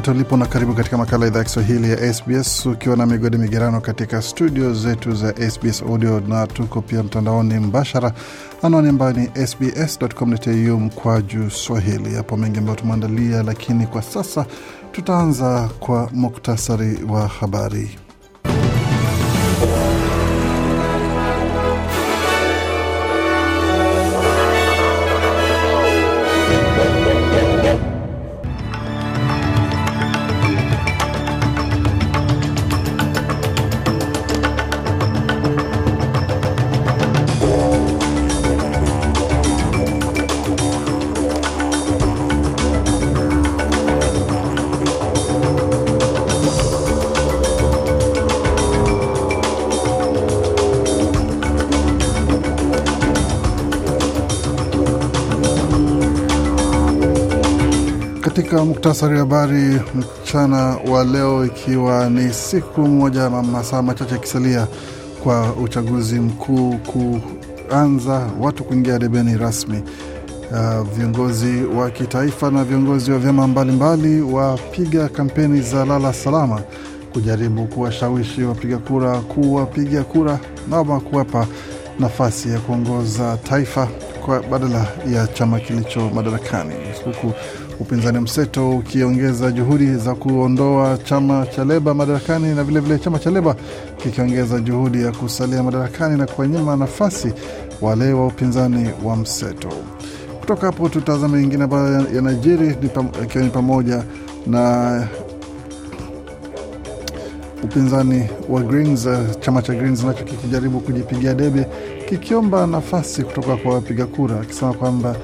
popote ulipo na karibu katika makala idhaa ya Kiswahili ya SBS ukiwa na migodi migerano katika studio zetu za SBS Audio na tuko pia mtandaoni mbashara, anwani ambayo ni sbs.com.au mkwaju swahili. Yapo mengi ambayo tumeandalia, lakini kwa sasa tutaanza kwa muktasari wa habari. katika muktasari wa habari mchana wa leo, ikiwa ni siku moja masaa machache yakisalia kwa uchaguzi mkuu kuanza, watu kuingia debeni rasmi. Uh, viongozi wa kitaifa na viongozi wa vyama mbalimbali wapiga kampeni za lala salama kujaribu kuwashawishi wapiga kura kuwapiga kura naoma kuwapa nafasi ya kuongoza taifa kwa badala ya chama kilicho madarakani huku upinzani mseto ukiongeza juhudi za kuondoa chama cha Leba madarakani na vilevile vile chama cha Leba kikiongeza juhudi ya kusalia madarakani na kuwanyima nafasi wale wa upinzani wa mseto. Kutoka hapo tutazama ingine ambayo yanajiri, ikiwa ni pamoja na upinzani wa Greens, chama cha Greens nacho kikijaribu kujipigia debe kikiomba nafasi kutoka kwa wapiga kura, akisema kwamba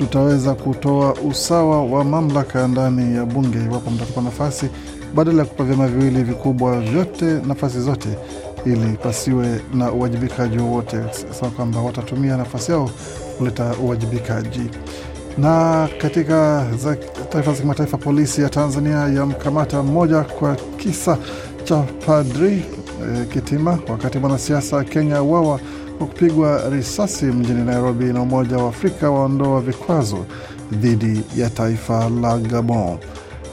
tutaweza kutoa usawa wa mamlaka ndani ya bunge iwapo mtatupa nafasi badala ya kupa vyama viwili vikubwa vyote nafasi zote ili pasiwe na uwajibikaji wowote, sema kwamba watatumia nafasi yao kuleta uwajibikaji. Na katika taarifa za kimataifa, polisi ya Tanzania yamkamata mmoja kwa kisa cha padri e, Kitima, wakati mwanasiasa Kenya wawa kwa kupigwa risasi mjini Nairobi na Umoja wa Afrika waondoa vikwazo dhidi ya taifa la Gabon.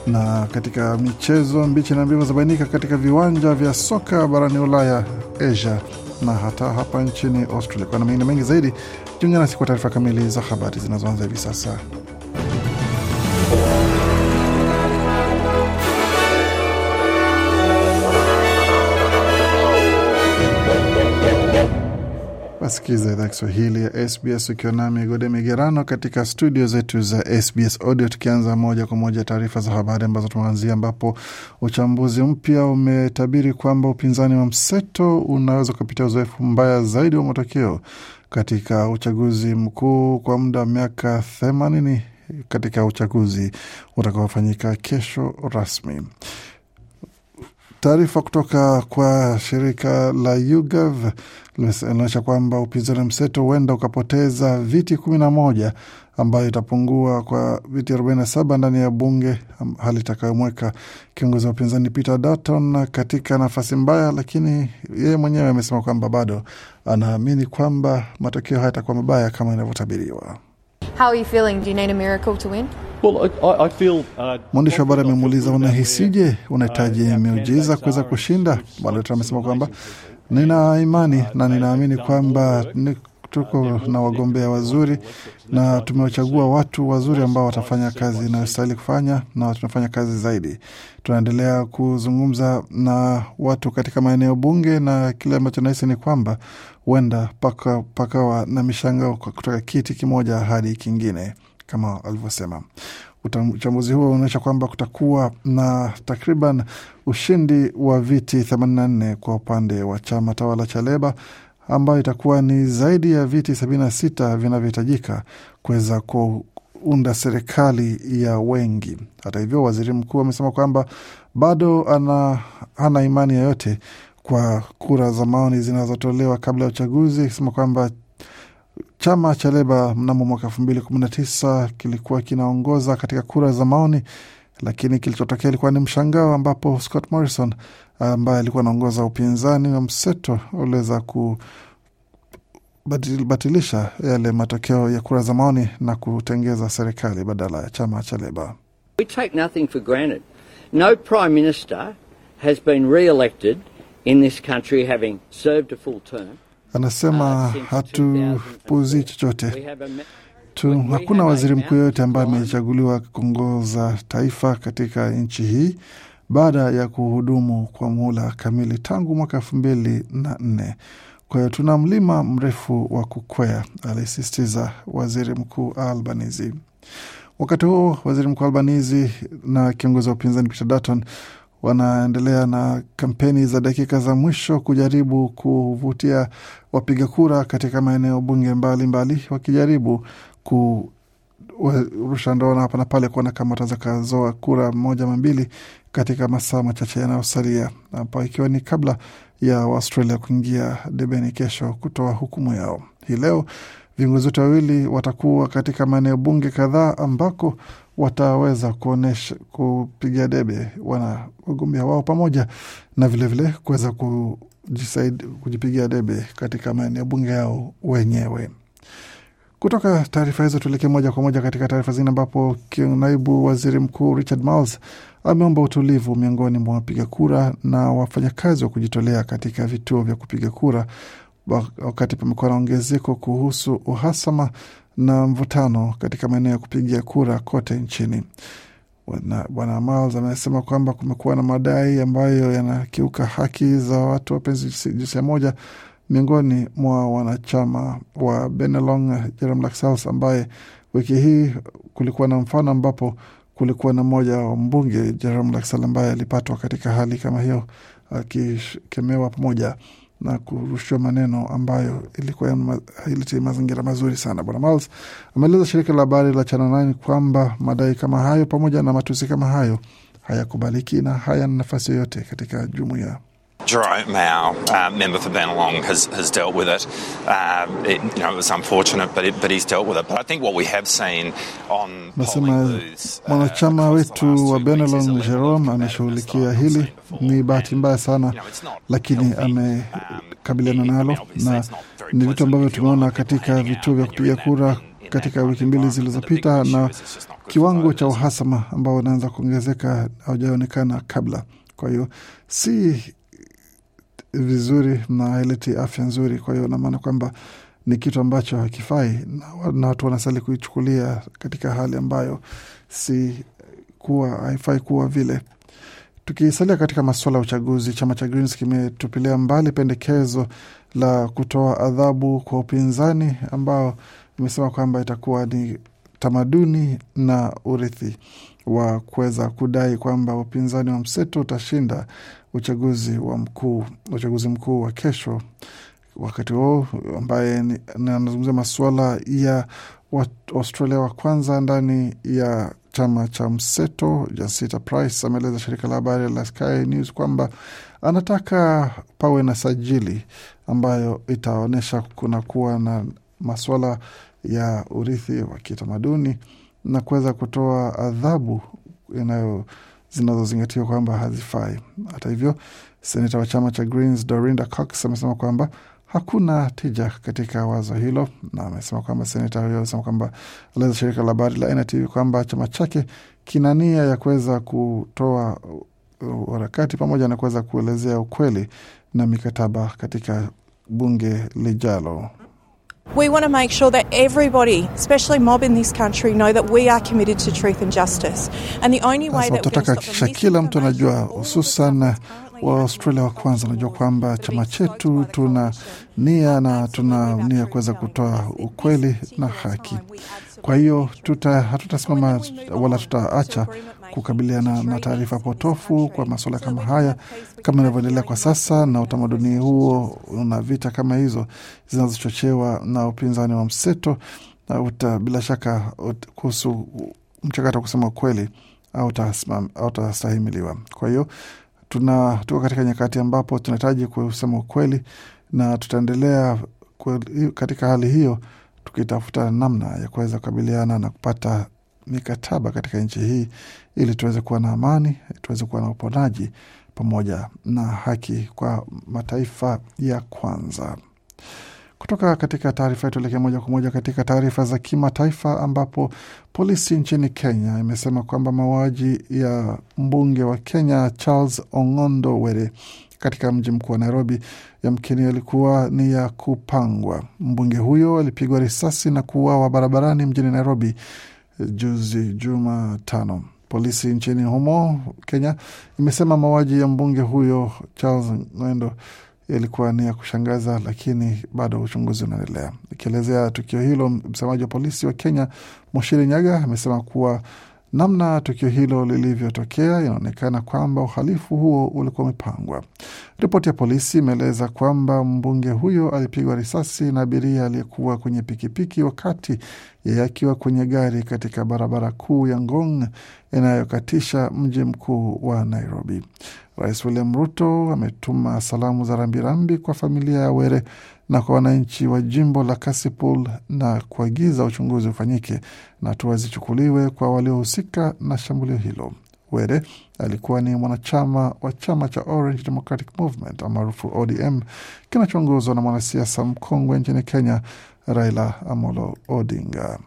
Na katika michezo, mbichi na mbivu zabainika katika viwanja vya soka barani Ulaya, Asia na hata hapa nchini Australia. Kwa na mengine mengi zaidi, jiunga nasi kwa taarifa kamili za habari zinazoanza hivi sasa. Asikiza idhaa Kiswahili ya SBS ukiwa na migode migerano katika studio zetu za SBS Audio, tukianza moja kwa moja taarifa za habari ambazo tumeanzia, ambapo uchambuzi mpya umetabiri kwamba upinzani wa mseto unaweza kupitia uzoefu mbaya zaidi wa matokeo katika uchaguzi mkuu kwa muda wa miaka themanini katika uchaguzi utakaofanyika kesho rasmi. Taarifa kutoka kwa shirika la YouGov linaonyesha kwamba upinzani mseto huenda ukapoteza viti kumi na moja ambayo itapungua kwa viti 47 ndani ya bunge, hali itakayomweka kiongozi wa upinzani Peter Dutton katika nafasi mbaya, lakini yeye mwenyewe amesema kwamba bado anaamini kwamba matokeo haya yatakuwa mabaya kama inavyotabiriwa. Uh, mwandishi wa habari amemuuliza unahisije, uh, unahitaji miujiza kuweza uh, kushinda? Bwana amesema kwamba nina imani na ninaamini kwamba tuko na wagombea wazuri na tumewachagua watu wazuri ambao watafanya kazi inayostahili kufanya na tunafanya kazi zaidi. Tunaendelea kuzungumza na watu katika maeneo bunge, na kile ambacho nahisi ni kwamba huenda pakawa paka na mishangao kutoka kiti kimoja hadi kingine kama alivyosema. Uchambuzi huo unaonyesha kwamba kutakuwa na takriban ushindi wa viti 84 kwa upande wa chama tawala cha Leba ambayo itakuwa ni zaidi ya viti 76 vinavyohitajika kuweza kuunda serikali ya wengi. Hata hivyo, waziri mkuu amesema kwamba bado ana, hana imani yoyote kwa kura za maoni zinazotolewa kabla ya uchaguzi, akisema kwamba Chama cha Leba mnamo mwaka elfu mbili kumi na tisa kilikuwa kinaongoza katika kura za maoni, lakini kilichotokea ilikuwa ni mshangao, ambapo Scott Morrison ambaye alikuwa anaongoza upinzani wa mseto uliweza kubatilisha yale matokeo ya kura za maoni na kutengeza serikali badala ya chama cha Leba. We take nothing for granted. No prime minister has been re-elected in this country having served a full term. Anasema ah, hatupuzi chochote tu. Hakuna waziri mkuu yoyote ambaye amechaguliwa kuongoza taifa katika nchi hii baada ya kuhudumu kwa muhula kamili tangu mwaka elfu mbili na nne. Kwa hiyo tuna mlima mrefu wa kukwea, alisisitiza waziri mkuu Albanizi. Wakati huo waziri mkuu Albanizi na kiongozi wa upinzani Peter Dutton wanaendelea na kampeni za dakika za mwisho kujaribu kuvutia wapiga kura katika maeneo bunge mbalimbali, wakijaribu kurusha ndoana hapa na pale kuona kama kazoa kura moja mambili katika masaa machache yanayosalia, hapa ikiwa ni kabla ya Waustralia kuingia debeni kesho kutoa hukumu yao hii leo. Viongozi wote wawili watakuwa katika maeneo bunge kadhaa ambako wataweza kuonesha kupiga debe wagombea wao pamoja na vilevile kuweza kujipigia debe katika maeneo bunge yao wenyewe. Kutoka taarifa hizo tuelekee moja kwa moja katika taarifa zingine, ambapo naibu waziri mkuu Richard Marles ameomba utulivu miongoni mwa wapiga kura na wafanyakazi wa kujitolea katika vituo vya kupiga kura wakati pamekuwa na ongezeko kuhusu uhasama na mvutano katika maeneo ya kupigia kura kote nchini. Bwana Miles amesema kwamba kumekuwa na madai ambayo yanakiuka haki za watu wapenzi jinsia moja miongoni mwa wanachama wa Benelong Jerome Laxals, ambaye wiki hii kulikuwa na mfano ambapo kulikuwa na mmoja wa mbunge Jerome Laxal ambaye alipatwa katika hali kama hiyo akikemewa pamoja na kurushiwa maneno ambayo ilikuwa ilitia mazingira mazuri sana. Bwana Miles ameeleza shirika la habari la Channel 9 kwamba madai kama hayo pamoja na matusi kama hayo hayakubaliki na hayana nafasi yoyote katika jumuiya. Jerome Mao, uh, member for Benelong, has, has dealt with it. Uh, it, you know, it was unfortunate, but, it, but he's dealt with it. But I think what we have seen on nasema uh, mwanachama uh, wetu wa Benelong Jerome ameshughulikia hili. Ni bahati mbaya sana, lakini um, amekabiliana nalo, na ni vitu ambavyo tumeona katika vituo vya kupiga kura katika wiki mbili zilizopita, na kiwango cha uhasama ambao unaanza kuongezeka haujaonekana kabla. Kwa hiyo si vizuri na haileti afya nzuri. Kwa hiyo namaana kwamba ni kitu ambacho hakifai na, na watu wanasali kuichukulia katika hali ambayo si kuwa haifai kuwa vile. Tukisalia katika masuala ya uchaguzi, chama cha Greens kimetupilia mbali pendekezo la kutoa adhabu kwa upinzani ambao imesema kwamba itakuwa ni tamaduni na urithi wa kuweza kudai kwamba upinzani wa mseto utashinda uchaguzi wa mkuu uchaguzi mkuu wa kesho. Wakati huo ambaye anazungumzia masuala ya Australia wa kwanza ndani ya chama cha mseto, Jacinta Price ameeleza shirika la habari la Sky News kwamba anataka pawe na sajili ambayo itaonyesha kuna kuwa na masuala ya urithi wa kitamaduni na kuweza kutoa adhabu inayo zinazozingatiwa kwamba hazifai. Hata hivyo, seneta wa chama cha Greens Dorinda Cox amesema kwamba hakuna tija katika wazo hilo, na amesema kwamba seneta huyo amesema kwamba alieleza shirika la habari la NTV kwamba chama chake kina nia ya kuweza kutoa harakati pamoja na kuweza kuelezea ukweli na mikataba katika bunge lijalo. We want to make sure that everybody, especially mob in this country, know that we are committed to truth and justice. And the only way that tunataka kisha kila mtu anajua, hususan wa Australia wa kwanza anajua kwamba chama chetu tuna nia na tuna nia kuweza kutoa ukweli na haki. Kwa hiyo tuta, hatutasimama wala tutaacha kukabiliana na taarifa potofu kwa masuala kama haya kama inavyoendelea kwa sasa, na utamaduni huo una vita kama hizo zinazochochewa na upinzani wa mseto na uta, bila shaka kuhusu mchakato wa kusema ukweli hautastahimiliwa. Kwa hiyo tuko katika nyakati ambapo tunahitaji kusema ukweli na tutaendelea katika hali hiyo tukitafuta namna ya kuweza kukabiliana na kupata mikataba katika nchi hii ili tuweze kuwa na amani, tuweze kuwa na uponaji pamoja na haki kwa mataifa ya kwanza. Kutoka katika taarifa yetu, tuelekee moja kwa moja katika taarifa za kimataifa, ambapo polisi nchini Kenya imesema kwamba mauaji ya mbunge wa Kenya Charles Ong'ondo Were katika mji mkuu wa Nairobi yamkini yalikuwa ni ya kupangwa. Mbunge huyo alipigwa risasi na kuuawa barabarani mjini Nairobi juzi Jumatano. Polisi nchini humo Kenya imesema mauaji ya mbunge huyo Charles Ng'wendo yalikuwa ni ya kushangaza, lakini bado uchunguzi unaendelea. Ikielezea tukio hilo, msemaji wa polisi wa Kenya Mushiri Nyaga amesema kuwa namna tukio hilo lilivyotokea inaonekana kwamba uhalifu huo ulikuwa umepangwa. Ripoti ya polisi imeeleza kwamba mbunge huyo alipigwa risasi na abiria aliyekuwa kwenye pikipiki wakati yeye akiwa kwenye gari katika barabara kuu ya Ngong inayokatisha mji mkuu wa Nairobi. Rais William Ruto ametuma salamu za rambirambi kwa familia ya Were na kwa wananchi wa jimbo la Kasipul na kuagiza uchunguzi ufanyike na hatua zichukuliwe kwa waliohusika na shambulio hilo. Were alikuwa ni mwanachama wa chama cha Orange Democratic Movement maarufu ODM kinachoongozwa na mwanasiasa mkongwe nchini Kenya Raila Amolo Odinga.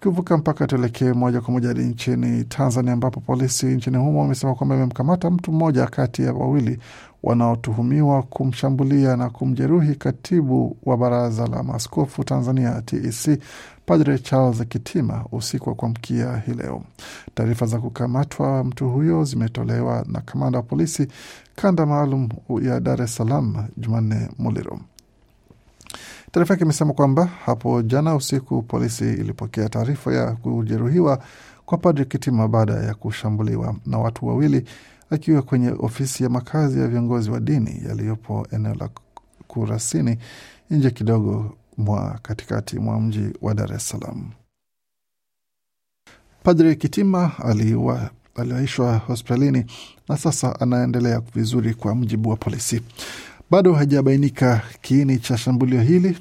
Tukivuka mpaka tuelekee moja kwa moja hadi nchini Tanzania, ambapo polisi nchini humo wamesema kwamba imemkamata mtu mmoja kati ya wawili wanaotuhumiwa kumshambulia na kumjeruhi katibu wa Baraza la Maaskofu Tanzania TEC Padre Charles Kitima usiku wa kuamkia hii leo. Taarifa za kukamatwa mtu huyo zimetolewa na kamanda wa polisi kanda maalum ya Dar es Salaam Jumanne Muliro. Taarifa yake imesema kwamba hapo jana usiku polisi ilipokea taarifa ya kujeruhiwa kwa Padri Kitima baada ya kushambuliwa na watu wawili akiwa kwenye ofisi ya makazi ya viongozi wa dini yaliyopo eneo la Kurasini nje kidogo mwa katikati mwa mji wa Dar es Salaam. Padri Kitima aliwa aliwaishwa hospitalini na sasa anaendelea vizuri, kwa mjibu wa polisi. Bado hajabainika kiini cha shambulio hili,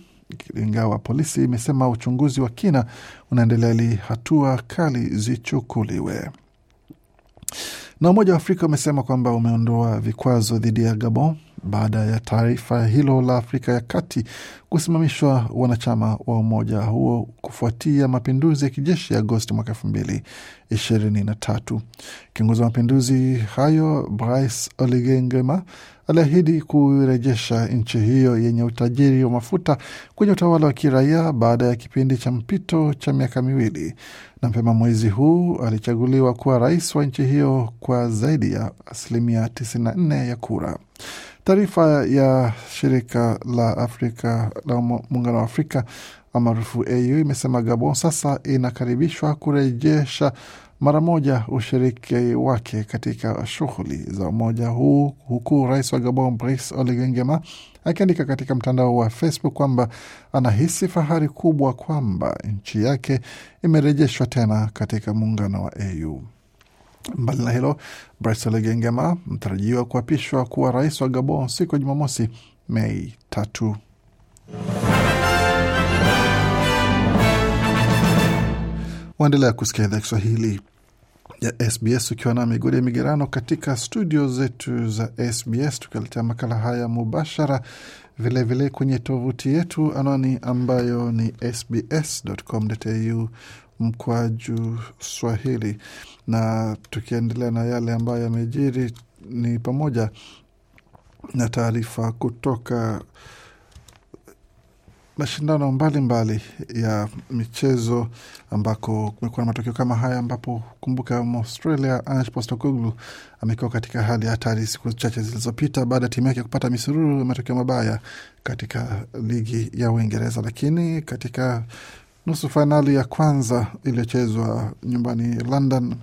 ingawa polisi imesema uchunguzi wa kina unaendelea ili hatua kali zichukuliwe. Na Umoja wa Afrika umesema kwamba umeondoa vikwazo dhidi ya Gabon baada ya taifa hilo la Afrika ya Kati kusimamishwa wanachama wa umoja huo kufuatia mapinduzi ya kijeshi ya Agosti mwaka elfu mbili ishirini na tatu. Kiongozi wa mapinduzi hayo Brice Oligengema aliahidi kuirejesha nchi hiyo yenye utajiri wa mafuta kwenye utawala wa kiraia baada ya kipindi cha mpito cha miaka miwili. Na mapema mwezi huu alichaguliwa kuwa rais wa nchi hiyo kwa zaidi ya asilimia 94 ya kura. Taarifa ya shirika la Afrika la muungano wa Afrika maarufu AU imesema Gabon sasa inakaribishwa kurejesha mara moja ushiriki wake katika shughuli za umoja huu, huku rais wa Gabon Brice Oligui Nguema akiandika katika mtandao wa Facebook kwamba anahisi fahari kubwa kwamba nchi yake imerejeshwa tena katika muungano wa AU. Mbali na hilo, Brice Oligui Nguema mtarajiwa kuapishwa kuwa rais wa Gabon siku ya Jumamosi, Mei tatu. Waendelea kusikia idhaa Kiswahili ya SBS ukiwa na migodi ya migerano katika studio zetu za SBS tukialetea makala haya mubashara, vilevile vile kwenye tovuti yetu, anwani ambayo ni sbs.com.au mkwaju swahili. Na tukiendelea na yale ambayo yamejiri, ni pamoja na taarifa kutoka mashindano mbalimbali mbali ya michezo ambako kumekuwa na matokeo kama haya, ambapo kumbuka Mwaustralia Ange Postecoglou amekuwa katika hali ya hatari siku chache zilizopita baada ya timu yake kupata misururu ya matokeo mabaya katika ligi ya Uingereza, lakini katika nusu fainali ya kwanza iliyochezwa nyumbani London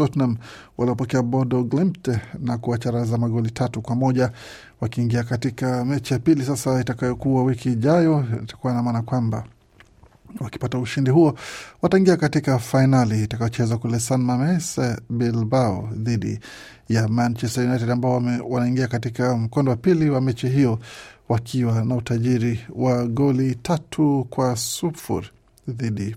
Tottenham waliopokea Bodo Glimt na kuwacharaza magoli tatu kwa moja wakiingia katika mechi ya pili sasa itakayokuwa wiki ijayo. Itakuwa na maana kwamba wakipata ushindi huo wataingia katika fainali itakayochezwa kule San Mames Bilbao dhidi ya Manchester United ambao wanaingia katika mkondo wa pili wa mechi hiyo wakiwa na utajiri wa goli tatu kwa sufuri dhidi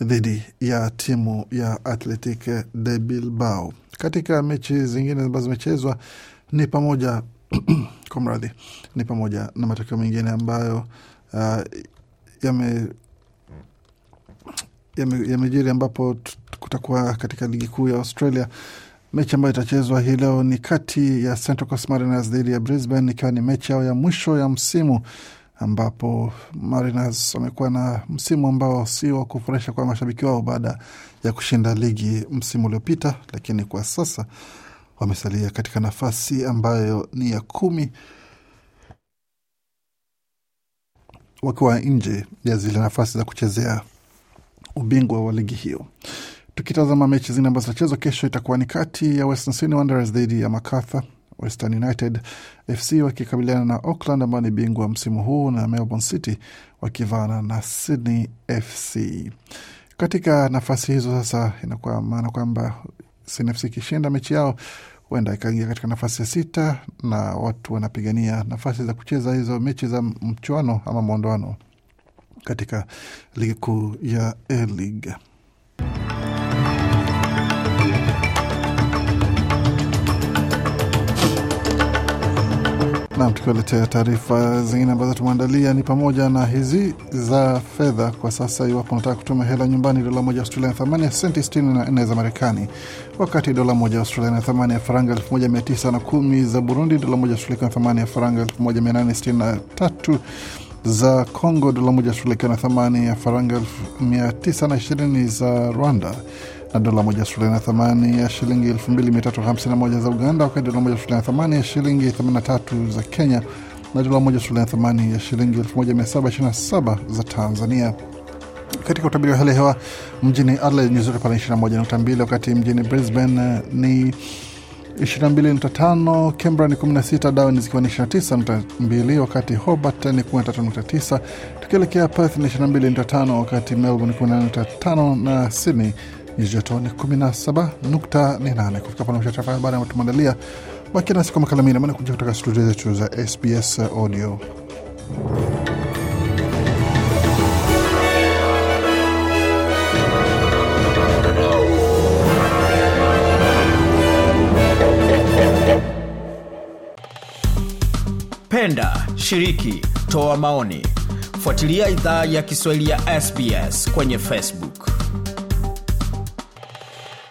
dhidi ya timu ya Athletic de Bilbao. Katika mechi zingine ambazo zimechezwa ni pamoja kwa mradhi ni pamoja na matokeo mengine ambayo uh, yame yamejiri yame ambapo kutakuwa katika ligi kuu ya Australia. Mechi ambayo itachezwa hii leo ni kati ya Central Coast Mariners dhidi ya Brisbane, ikiwa ni mechi yao ya mwisho ya msimu ambapo Mariners wamekuwa na msimu ambao si wa kufurahisha kwa mashabiki wao baada ya kushinda ligi msimu uliopita, lakini kwa sasa wamesalia katika nafasi ambayo ni ya kumi wakiwa nje ya zile nafasi za kuchezea ubingwa wa ligi hiyo. Tukitazama mechi zingine ambazo zitachezwa kesho, itakuwa ni kati ya Western Sydney Wanderers dhidi ya Macarthur Western United FC wakikabiliana na Auckland ambao ni bingwa msimu huu na Melbourne City wakivana na Sydney FC. Katika nafasi hizo sasa, inakuwa maana kwamba Sydney FC ikishinda mechi yao huenda ikaingia katika nafasi ya sita na watu wanapigania nafasi za kucheza hizo mechi za mchuano ama mwondoano katika ligi kuu ya A-League. Nam, tukiwaletea taarifa zingine ambazo tumeandalia ni pamoja na hizi za fedha kwa sasa. Iwapo unataka kutuma hela nyumbani, dola moja Australia na thamani ya senti 64 za Marekani, wakati dola moja Australia na thamani ya faranga 1910 za Burundi, dola moja Australia na thamani ya faranga 1863 za Congo, dola moja Australia na thamani ya faranga 920 za Rwanda na dola moja sufuri na thamani ya shilingi 2351 za Uganda, wakati dola moja sufuri na thamani ya shilingi 83 za Kenya na dola moja sufuri na thamani ya shilingi 1727 za Tanzania. Katika utabiri wa hali ya hewa mjini Adelaide nyuzi joto pale 21.2, wakati mjini Brisbane eh, ni 22.5, Canberra ni 16, Darwin zikiwa ni 29.2, wakati Hobart ni 13.9, tukielekea Perth ni 22.5, wakati Melbourne 18.5 na Sydney nyuzijoto joto ni 178 Kufika pale mshatarafa habari ambayo tumeandalia, baki nasi kwa makala mengine, maana kuja kutoka studio zetu za SBS Audio. Penda, shiriki, toa maoni, fuatilia idhaa ya Kiswahili ya SBS kwenye Facebook.